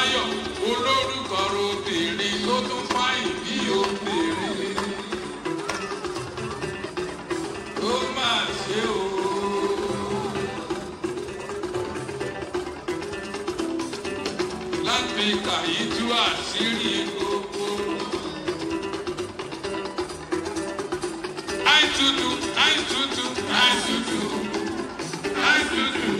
Fọláyọ̀ olórúkọ obìnrin tó tún fáyìn bí obìnrin ó mà ṣe o. láti kàyí àṣírí gbogbo. àìtútù àìtútù àìtútù àìtútù.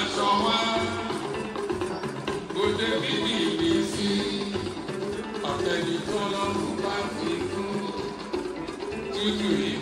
aṣọ wá òde bíbí mi sí ọ̀tẹ̀ni tó lọ́rùn bá fi kú tútù yìí.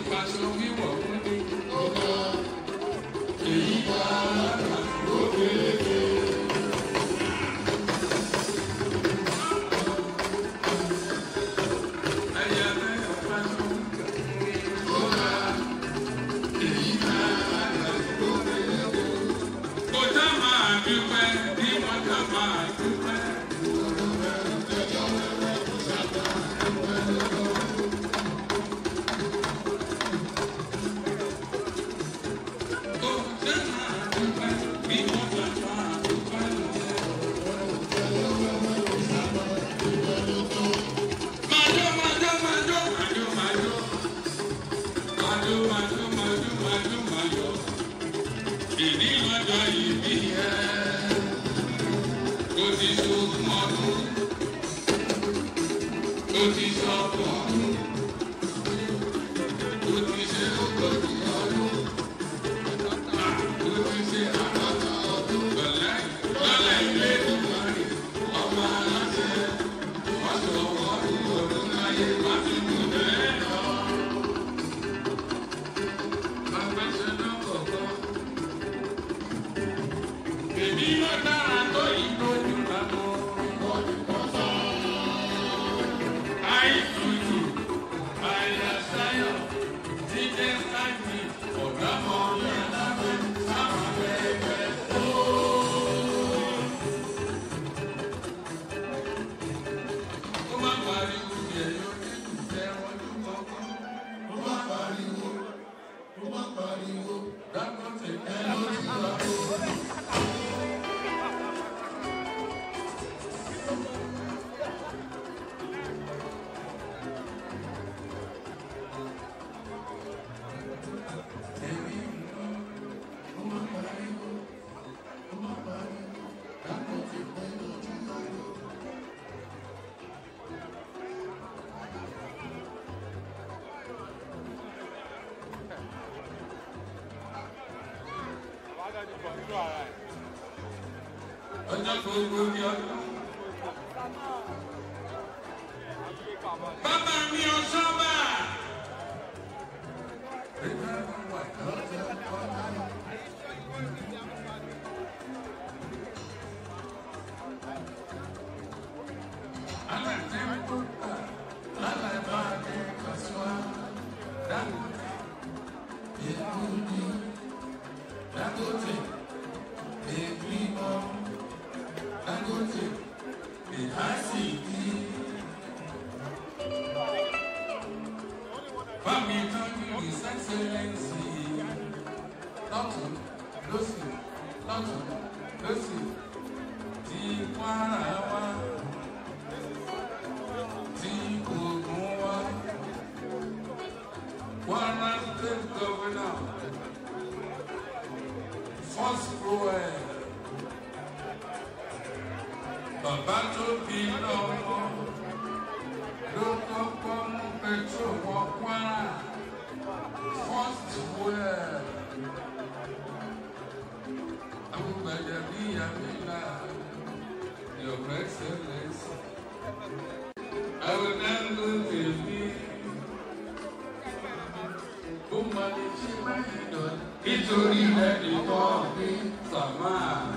Petit jour, ma Petit savoir. 人家可以不一样。爸爸，你有事吧？人家不管何德何能。俺们这。bámi tọ́jú his excellency Doctor, lọ́sì Doctor, lọ́sì ti Kwara wá ti governor first Prayer, bàbá tó bí lọ́wọ́ ló ètò Ọ̀para first world amúgbàjà bí yàmílà your excellence Awunango tèmi ó máa lè ṣe báyìí lọ nítorí ẹnì kan bí sàmáà.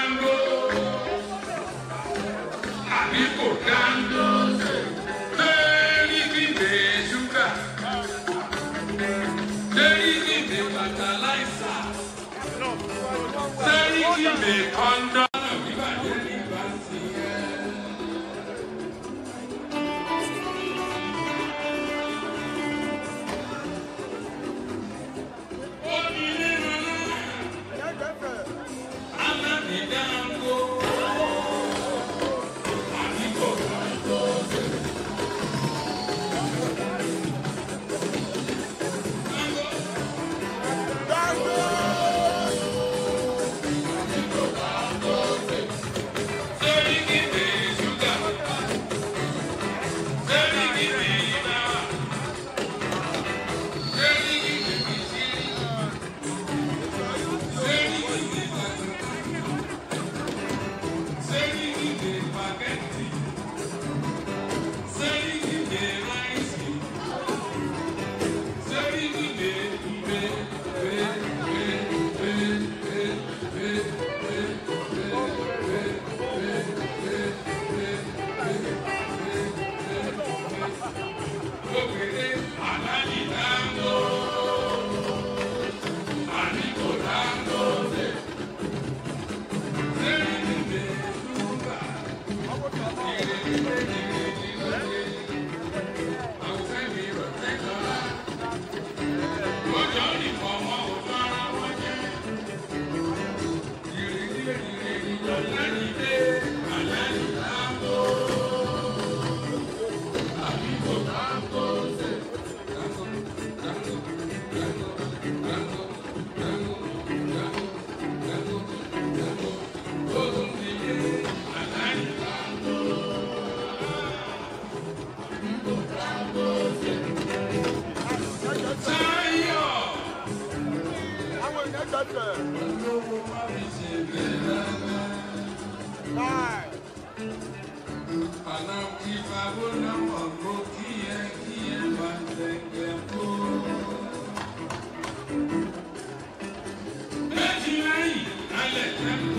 Thank you.